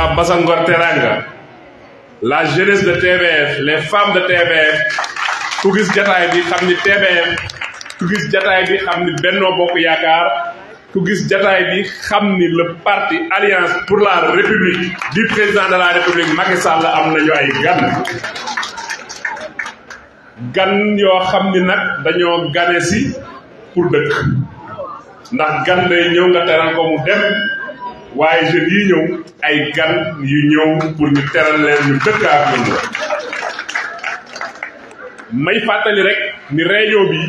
waa Basa Ngor Teranga la jeunesse de TVF les femmes de TVF ku gis jataay bi xam ni TVF ku gis jataay bi xam ni Benno Bokk Yaakaar ku gis jataay bi xam ni le parti alliance pour la république du président de la république Macky Sall am nañu ay gan gan yoo xam ni nag dañoo gane si pour dëkk ndax gan day ñëw nga teral ko mu dem waaye jeunes yi ñëw ay gan yu ñëw pour ñu teral leen ñu dëkk ak la may fàttali rek ni réunion bi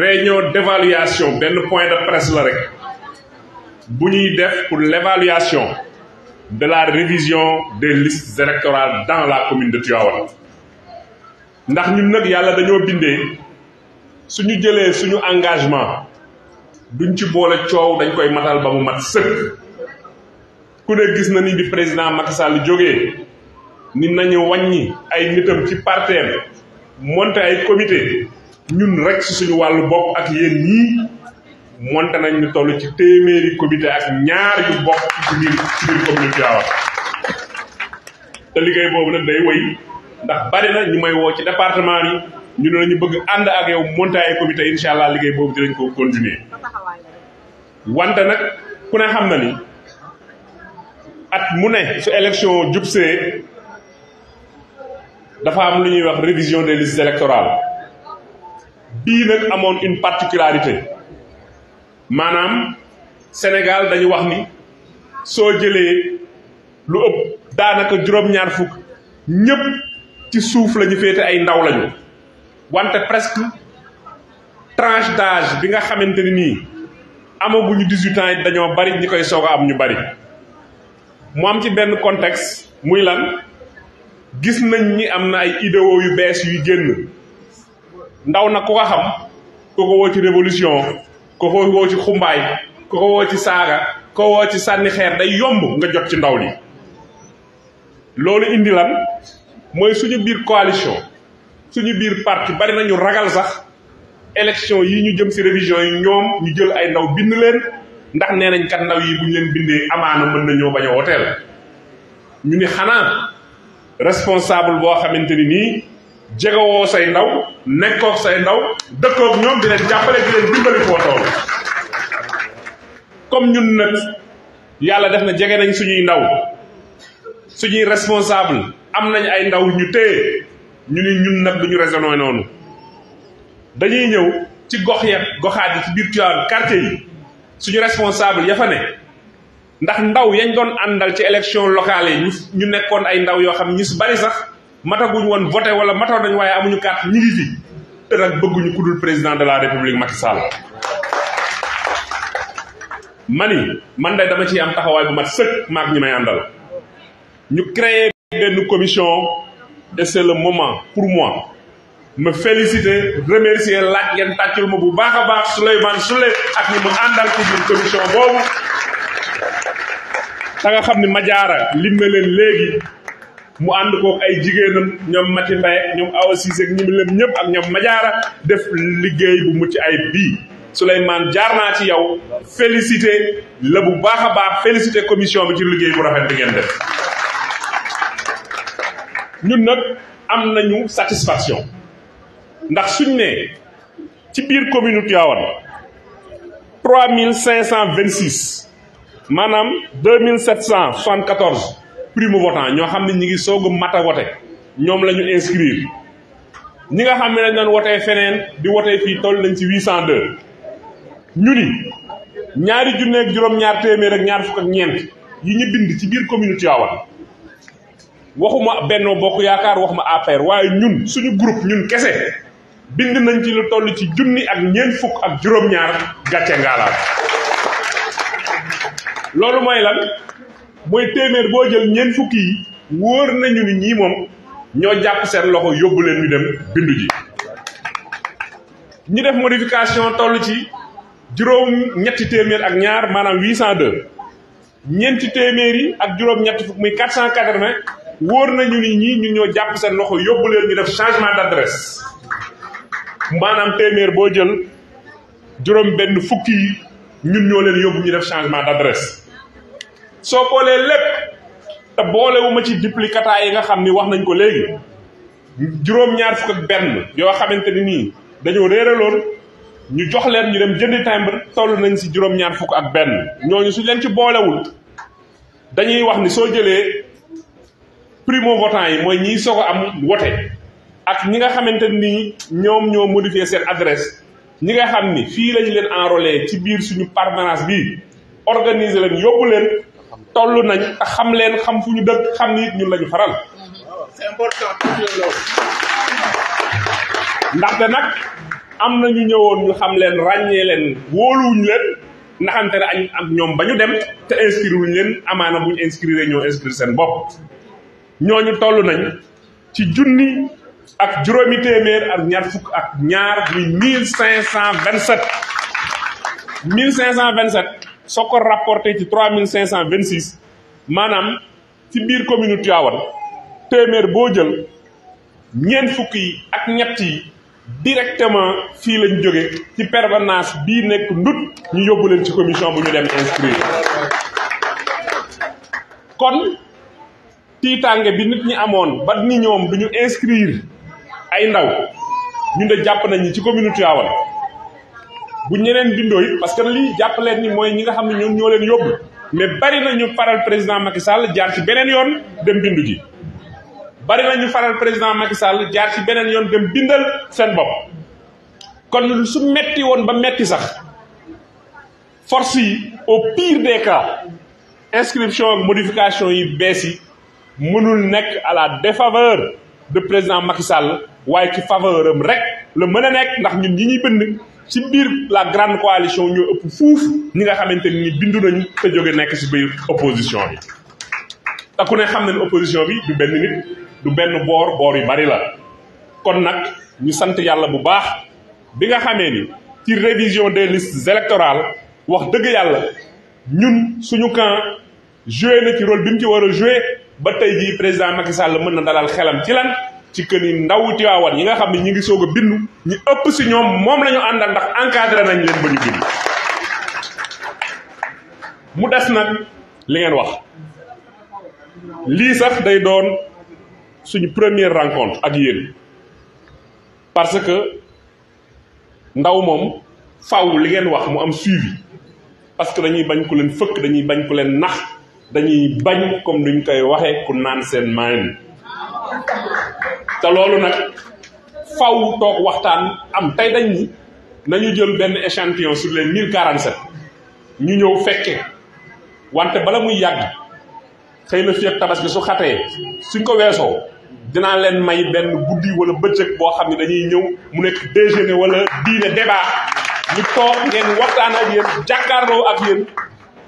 réunion d'évaluation benn point de presse la rek bu ñuy def pour levaluation de la révision des listes électorales dans la commune de Tivaouane ndax ñun nag yàlla dañoo bindee ñu jëlee suñu engagement duñ ci boole coow dañ koy matal ba mu mat sëkk ku ne gis na ni bi président Macky Sall jógee ni nañu wàññi ay nitam ci parteem monté ay comité ñun rek si suñu wàllu bopp ak yéen ñii monté nañ ñu toll ci téeméeri comité ak ñaar yu bokk ci biir ci biir te liggéey boobu nag day wéy ndax bari na ñu may woo ci département yi ñu ne ñu bëgg ànd ak yow montaay comité incha allah liggéey boobu dinañ koo continuer wante nag ku ne xam na ni at mu ne su élection jubsee dafa am lu ñuy wax révision des listes électorales bii nag amoon une particularité maanaam Sénégal dañu wax ni soo jëlee lu ëpp daanaka juróom-ñaar fukk ñëpp ci suuf la ñu féete ay ndaw lañu wante presque tranche d'âge bi nga xamante ni nii amaguñu 18 yi dañoo bari ñi koy soog am ñu bari mu am ci benn contex muy lan gis nañ ni am na ay idéo yu bees yuy génn ndaw na ku ko xam ku ko woo ci révolution ku ko woo ci xumbaay ku ko woo ci saaga ku woo ci sànni xeer day yomb nga jot ci ndaw li loolu indi lan mooy suñu biir coalition suñu biir parti bari na ñu ragal sax élection yi ñu jëm si révision yi ñoom ñu jël ay ndaw bind leen ndax nee nañ kat ndaw yi bu ñu leen bindee amaana mën nañoo bañ a woteel ñu ni xanaa responsable boo xamante ni nii jegewoo say ndaw nekkook say ndaw dëkkook ñoom di leen jàppale di leen dimbali foo tool comme ñun nag yàlla def na jege nañ suñuy ndaw suñuy responsable am nañ ay ndaw ñu téye ñu ne ñun nag du ñu raisonné noonu dañuy ñëw ci gox ya goxaat yi ci biir Tivaouane quartier yi suñu responsable ya fa ne ndax ndaw yañ doon àndal ci élection locale yi ñu nekkoon ay ndaw yoo xam ñu si bari sax mataguñ woon voté wala mataw nañ waaye amuñu carte ñi ngi fi te bëgguñu ku dul président de la république Macky Sall mani man day dama ciy am taxawaay bu mat sëkk maag ñi may àndal ñu créé benn commission et c'est le moment pour moi ma féliciter remercier laaj ngeen tàccul ma bu baax a baax Souleymane Souley ak ñi mu àndal ci biir commission boobu da nga xam ni majaara lim na leen léegi mu ànd kook ay jigéenam ñoom Mati Mbaye ñoom Awa Cissé ak ñi mu leen ñëpp ak ñoom majaara def liggéey bu mucc ay bii Souleymane jaar naa ci yow féliciter la bu baax a baax féliciter commission bi ci liggéey bu rafet bi ngeen def ñun nag am nañu satisfaction ndax suñ ne ci biir commune Tivaouane trois mille cinq cent vingt six maanaam deux mille sept cent soixante quatorze primo votant ñoo xam ne ñi ngi soog a wote ñoom la ñu inscrire ñi nga xam ne dañ doon wotee feneen di wotee fii toll nañ ci huit cent deux ñu ni ñaari juróom-ñaar téeméer ak ñaar fukk ak ñeent yi ñu bind ci biir commune Tivaouane waxuma benn Bokk Yaakaar waxuma APR waaye ñun suñu groupe ñun kese bind nañ ci lu toll ci junni ak ñeent fukk ak juróom-ñaar gàcce ngaalaam loolu mooy lan mooy téeméer boo jël ñeent fukk yi wóor nañu ni ñii moom ñoo jàpp seen loxo yóbbu leen ñu dem bindu ji ñi def modification tollu ci juróom ñetti téeméer ak ñaar maanaam 802 ñeenti téeméer yi ak juróom ñetti fukk muy 480 wóor nañu ni ñii ñun ñoo jàpp seen loxo yóbbu leen ñu def changement d'adresse maanaam téeméer boo jël juróom benn fukki yi ñun ñoo leen yóbbu ñu def changement d'adresse soo boolee lépp te boolewu ma ci duplicata yi nga xam ni wax nañ ko léegi juróom-ñaar fukk ak benn yoo xamante ni nii dañoo réeraloon ñu jox leen ñu dem jëndi timbre toll nañ si juróom-ñaar fukk ak benn ñooñu suñ leen ci boolewul dañuy wax ni soo jëlee primo votant yi mooy ñiy soog a am wote ak ñi nga xamante ni ñoom ñoo modifié seen adresse ñi nga xam ni fii lañu leen enrôlé ci biir suñu permanence bii organiser leen yóbbu leen toll nañ te xam leen xam fu ñu dëkk xam ni ñun la ñu faral. c'est important. ndaxte nag am na ñu ñëwoon ñu xam leen ràññee leen wóoluwuñ leen naxante ne añ am ñoom ba ñu dem te inscrire wuñ leen amaana buñ inscrire ñoo inscrire seen bopp. ñooñu toll nañ ci junni ak juróomi téeméer ak ñaar fukk ak ñaar muy mille cinq cent vingt sept mille cinq cent vingt sept soo ko rapporté ci trois mille cinq cent vingt six maanaam ci biir commune Tivaouane téeméer boo jël ñeent fukk ak ñett directement fii lañ jóge ci permanence bii nekk ndut ñu yóbbu leen ci commission bu ñu dem inscrire kon tiitaange bi nit ñi amoon ba ni ñoom du ñu inscrire ay ndaw ñun de jàpp nañ ci commune Tivaouane bu ñeneen dindoo it parce que lii jàpp leen ni mooy ñi nga xam ne ñoom ñoo leen yóbbu mais bari na ñu faral président Macky Sall jaar ci beneen yoon dem bindu bari na ñu faral président Macky Sall jaar ci beneen yoon dem bindal seen bopp kon su metti woon ba metti sax force yi au pire des cas inscription ak modification yi bees yi mënul nekk à la défaveur de président Macky Sall waaye ci faveur am rek la mën a nekk ndax ñun ñi ñuy bind ci biir la grande coalition ñoo ëpp fuuf ñi nga xamante ni bindu nañu te jóge nekk ci biir opposition bi te ku ne xam na ne opposition bi du benn nit du benn boor boor yu bari la kon nag ñu sant yàlla bu baax bi nga xamee ni ci révision des listes électorales wax dëgg yàlla ñun suñu camp joué na ci rôle bi mu ci war a joué ba tey jii président Macky la mën na dalal xelam ci lan ci kër yi ndaw Tiwaawan yi nga xam ne ñi ngi soog a bindu ñu ëpp si ñoom moom la ñu àndal ndax encadré nañ leen ba ñu bind mu des nag li ngeen wax lii sax day doon suñu première rencontre ak yéen parce que ndaw moom faaw li ngeen wax mu am suivi parce que dañuy bañ ku leen fëkk dañuy bañ ku leen nax dañuy bañ comme duñ koy waxee ku naan seen maayin te loolu nag faw toog waxtaan am tey dañ ni nañu jël benn échantillon su leen mille quarante sept ñu ñëw fekke wante bala muy yàgg xëy na fii ak tabaski su xatee suñ ko weesoo dinaa leen may benn guddi wala bëccëg boo xam ne dañuy ñëw mu nekk déjeuner wala diine débat ñu toog ngeen waxtaan ak yéen jàkkaarloo ak yéen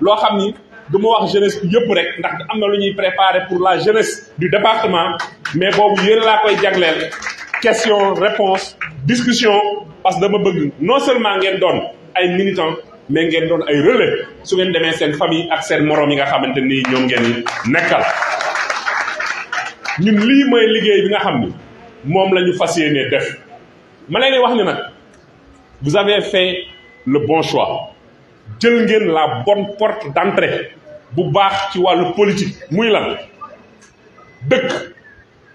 loo xam ni du ma wax jeunesse bi yëpp rek ndax am na lu ñuy préparer pour la jeunesse du département mais boobu yéen laa koy jagleel question réponse discussion parce que dama bëgg non seulement ngeen doon ay militants mais ngeen doon ay relais su ngeen demee seen famille ak seen moroom yi nga xamante nii ñoom ngeen nekkal ñun lii mooy liggéey bi nga xam ni moom la ñu fas yéenee def ma leen wax ni nag vous avez fait le bon choix jël ngeen la bonne porte d'entrée bu baax ci wàllu politique muy lan dëkk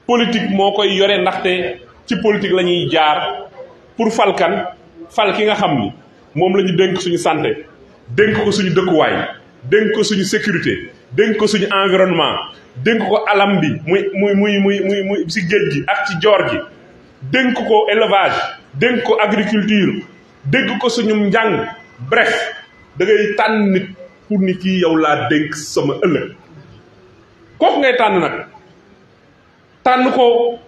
politique moo koy yore ndaxte ci politique la ñuy jaar pour falkan fal ki nga xam ni moom la ñu dénk suñu santé dénk ko suñu dëkkuwaay dénk ko suñu sécurité dénk ko suñu environnement dénk ko alam bi muy muy muy muy muy muy si géej gi ak ci joor gi dénk ko élevage dénk ko agriculture dénk ko suñu njàng bref da tànn nit pour ni kii yow laa dénk sama ëllëg kooku ngay tànn nag tànn ko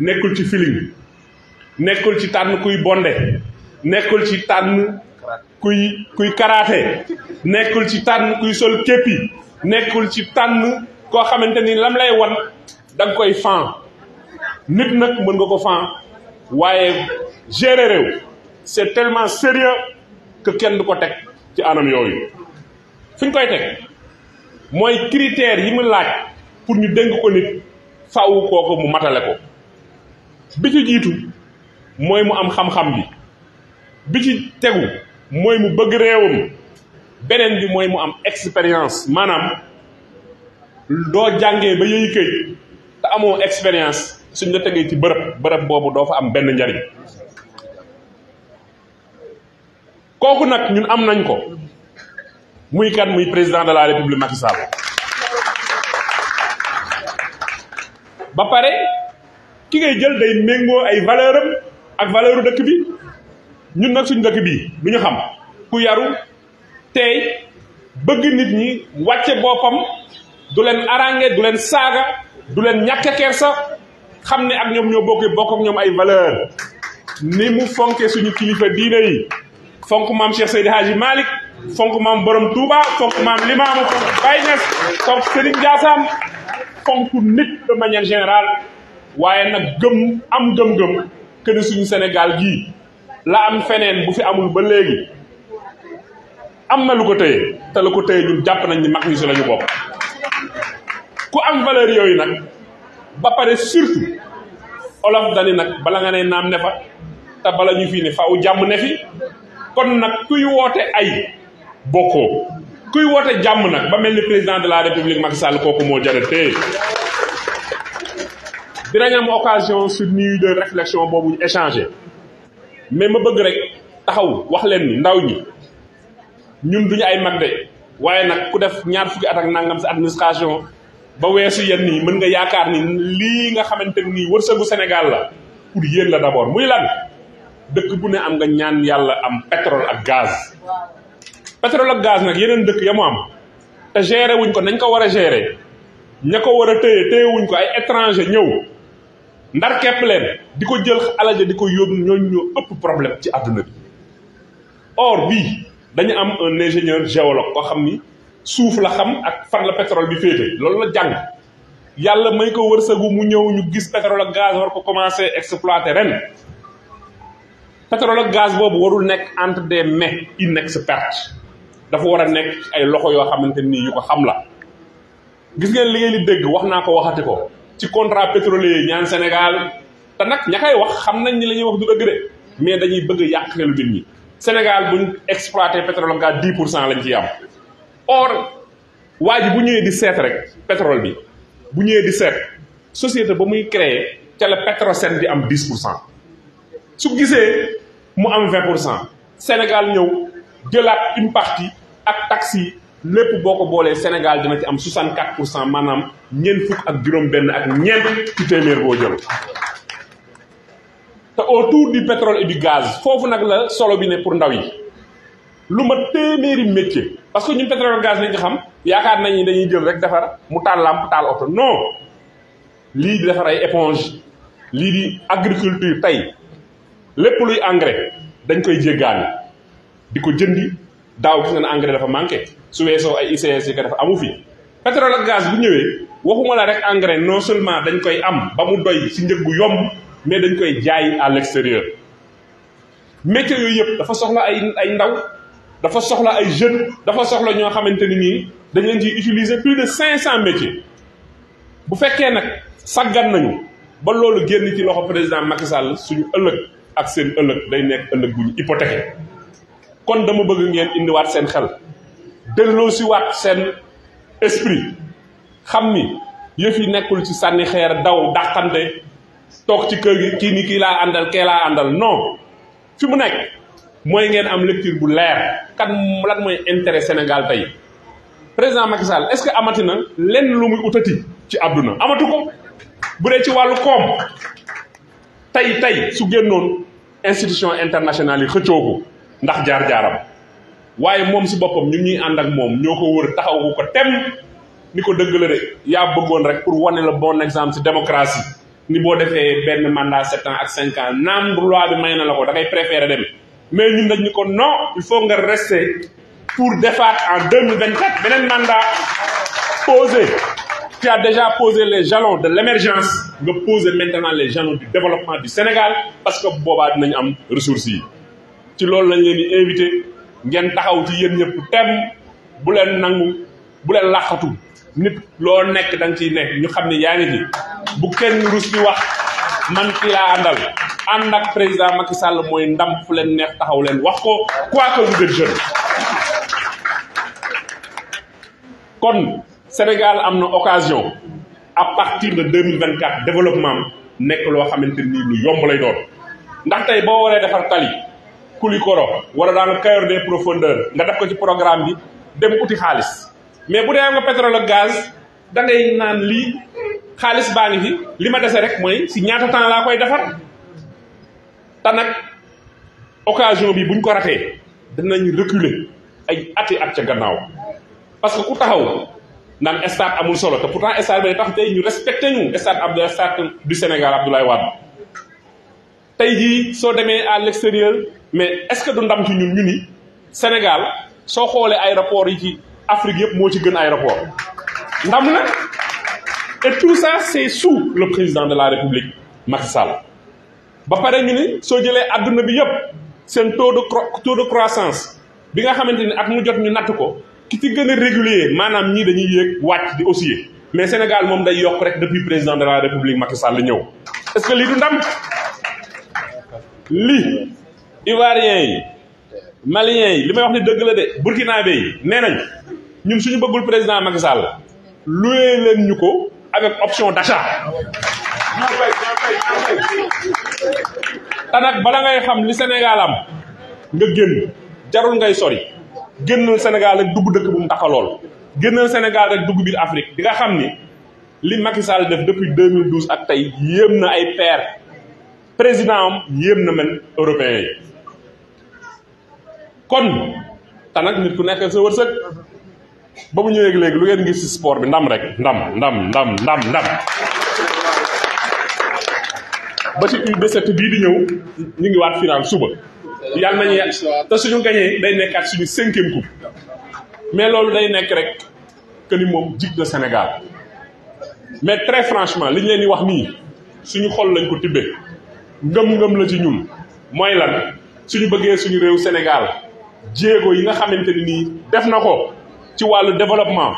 nekkul ci feeling nekkul ci tànn kuy bonde nekkul ci tànn kuy kuy karaate nekkul ci tànn kuy sol képpi nekkul ci tànn koo xamante ni lam lay wan da koy fan nit nag mën nga ko fan waaye gérer réew c'est tellement sérieux que kenn du ko teg ci anam yooyu fu ñu koy teg mooy critères yi mu laaj pour ñu dénk ko nit faaw kooku mu matale ko bi ci jiitu mooy mu am xam-xam bi bi ci tegu mooy mu bëgg réewam beneen bi mooy mu am expérience maanaam doo jàngee ba yëy këy te amoo expérience suñ la tegee ci bërëb bërëb boobu doo fa am benn njariñ kooku nag ñun am nañ ko muy kan muy président de la république Macky Sall ba pare ki ngay jël day méngoo ay valeur ak valeur dëkk bi ñun nag suñu dëkk bi bu ñu xam ku yaru tey bëgg nit ñi wàcce boppam du leen arrangé du leen saaga du leen ñàkk kersa xam ne ak ñoom ñoo bokkee bokk ñoom ay valeur ni mu fonke suñu kilifa diine yi fonk maam Cheikh Seydi Hadji Malick fonk maam borom Touba fonk maam Limaamu fonk Baye Niass fonk Serigne Ndiassane fonk nit de manière waaye nag gëm am gëm-gëm que suñu Sénégal gii la am feneen bu fi amul ba léegi am na lu ko téye te lu ko téye ñun jàpp nañ ni mag ñi si la ñu bokk ku am valeur yooyu nag ba pare surtout olof nag bala nga ne naam ne fa te bala ñu fii ne faaw jàmm ne fi kon nag kuy woote ay bokkoo kuy woote jàmm nag ba mel ni président de la république Macky Sall kooku moo jar a téye dinañ am occasion sur nuit de réflexion boobu ñu échanger mais ma bëgg rek taxaw wax leen ni ndaw ñi ñun duñu ay mag de waaye nag ku def ñaar fukki at ak nangam sa administration ba weesu yenn nii mën nga yaakaar ni lii nga xamante nii wërsëgu Sénégal la pour yéen la d'abord muy lan dëkk bu ne am nga ñaan yàlla am pétrole ak gaz pétrole gaz nag yeneen dëkk ya am te gérer wuñ ko nañ ko war a gérer ña ko war a téye téye wuñ ko ay étranger ñëw ndar képp leen di ko jël alal ja di ko yóbbu ñooñu ñoo ëpp problème ci àdduna bi or bi dañu am un ingénieur géologue koo xam ni suuf la xam ak fan la pétrole bi féete loolu la jàng yàlla may ko wërsëgu mu ñëw ñu gis pétrole ak gaz war ko commencer exploiter ren pétrole gaz boobu warul nekk entre de des mains inexpertes dafa war a nekk ay loxo yoo xamante ni yu ko xam la gis ngeen li ngeen di dégg wax naa ko waxati ko ci contrat pétrolier ñaan Sénégal te nag ña kay wax xam nañ ni la wax du dëgg de mais dañuy bëgg a yàq xelu nit ñi Sénégal buñ exploité pétrole am gaa 10 pour cent lañ ciy am or waa ji bu ñëwee di seet rek pétrole bi bu ñëwee di seet société ba muy créer ca la Petrosen di am 10 pour cent su gisee mu am 20 pour cent Sénégal ñëw. jëlaat une yi ak taxes lépp boo ko boolee Sénégal dina ci am 64 pour cent maanaam ñeent fukk ak juróom-benn ak ñeent ci téeméer boo jël. te autour du pétrole et gaz foofu nag la solo bi ne pour ndaw yi lu ma téeméeri métier parce que ñu pétrole gaz lañ ko xam yaakaar nañ ni dañuy jël rek defar mu taal làmp taal oto non lii di defar ay éponge lii di agriculture tey lépp luy engrais dañ koy jéggaani di ko jënd daaw gis nga ne engrais dafa manqué su weesoo ay ICS yi ko dafa amu fi pétrole ak gaz bu ñëwee waxuma la rek engrais non seulement dañ koy am ba mu doy si njëg bu yomb mais dañ koy jaay à l'extérieur métiers yooyu yëpp dafa soxla ay ay ndaw dafa soxla ay jeunes dafa soxla ñoo xamante ni nii dañ ci utiliser plus de cinq cent métiers bu fekkee nag saggan nañu ba loolu génn ci loxo président Macky Sall suñu ëllëg ak seen ëllëg day nekk ëllëg bu ñu kon dama bëgg ngeen indiwaat seen xel delloo si waat seen esprit xam ni yëf yu nekkul ci sànni xeer daw dàqante toog ci kër gi kii kii laa àndal kee laa àndal noo fi mu nekk mooy ngeen am lecture bu leer kan lan mooy intere Sénégal tey président Macky est-ce que amati na lenn lu muy utati ci àdduna amatu ko bu dee ci wàllu koom tey tey su génnoon institution internationale yi xëccoo ndax jaar-jaaram waaye moom si boppam ñu ñuy ànd ak moom ñoo ko wër taxaw ko tem ni ko dëgg la de yaa bëggoon rek pour wane la bon exemple si démocratie ni boo defee benn mandat sept ans ak cinq ans naam loi bi may na la ko da ngay préféré dem mais ñun dañ ñu ko non il faut nga rester pour defaat en deux mille vingt beneen mandat posé tu as déjà posé les jalons de l'émergence nga poser maintenant les jalons du développement du Sénégal parce que boobaa dinañ am ressources yi ci loolu lañ leen invité ngeen taxaw ci yéen ñëpp tem bu leen nangu bu leen làqatu nit loo nekk da nga ciy nekk ñu xam ne yaa ngi ci bu kenn ruus bi wax man ki laa àndal ànd ak président Macky Sall mooy ndam fu leen neex taxaw leen wax ko quoi que vous kon Sénégal am na occasion à partir de 2024 développement nekk loo xamante ni lu yomb lay doon ndax tey boo waree defar tali kulikoro wala daa le cœur des profondeurs nga def ko ci programme bi dem uti xaalis mais bu dee nga pétrole ak gaz da naan lii xaalis baa ngi fi li ma dese rek mooy si ñaata temps laa koy defar te nag occasion bi buñ ko ratee danañ reculer ay ati at ca gannaaw parce que ku taxaw naan stade amul solo te pourtant stade bi tax tey ñu respecté ñu stade Abdoulaye stade du Sénégal Abdoulaye Wade tey ji soo demee à l'extérieur mais est-ce que du ndam ci ñu ñu ni Sénégal soo xoolee aéroport yi ci Afrique yëpp moo ci gën aéroport ndam na et tout ça c'est sous le président de la République Macky Sall ba pare ñu ni soo jëlee àdduna bi yëpp seen taux de taux de croissance bi nga xamante ni at mu jot ñu natt ko ki ci gën a régulier maanaam ñii dañuy yéeg wàcc di osciller mais Sénégal moom day yokk rek depuis président de la République Macky Sall ñëw est-ce que lii du ndam lii ivoirien yi malien yi li may wax ni dëgg la de burkinabé yi nee nañ ñun suñu bëggul président Macky Sall loué leen ñu ko avec option d'achat te nag bala ngay xam li Sénégal am nga génn jarul ngay sori génnal Sénégal rek dugg dëkk bu mu taxalool génnal Sénégal rek dugg biir Afrique di nga xam ni li Macky Sall def depuis 2012 ak tey yéem na ay pair président am yéem na men européen kon te nag nit ku nekk sa wërsëg ba mu ñëwee léegi lu ngeen gis ci sport bi ndam rek ndam ndam ndam ndam ndam ba ci U17 bii di ñëw ñu ngi waat final suba yàlla nañu te suñu gañee day nekkaat suñu cinquième coupe mais loolu day nekk rek que ni moom jig na Sénégal mais très franchement li leen di wax nii suñu xol lañ ko tibbee ngëm-ngëm la ci ñun mooy lan suñu bëggee suñu réew Sénégal jéego yi nga xamante ne nii def na ko ci wàllu développement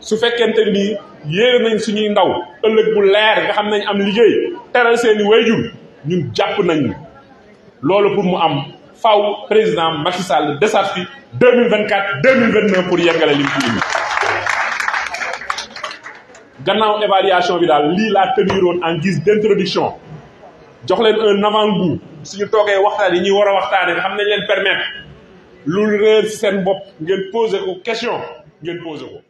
su fekkente ni nii yéene nañ suñuy ndaw ëllëg bu leer nga xam nañ am liggéey teral seeni wayjur ñun jàpp nañ loolu pour mu am faw président Macky Sall desat fi 2024 2029 pour yeggale li mu fi indi gannaaw évaluation bi daal lii laa teniroon en guise d'introduction jox leen un avant-goût suñu toogee waxtaan yi ñuy war a waxtaanee nga xam nañ leen permettre lu réer seen bopp ngeen posé ko question ngeen posé ko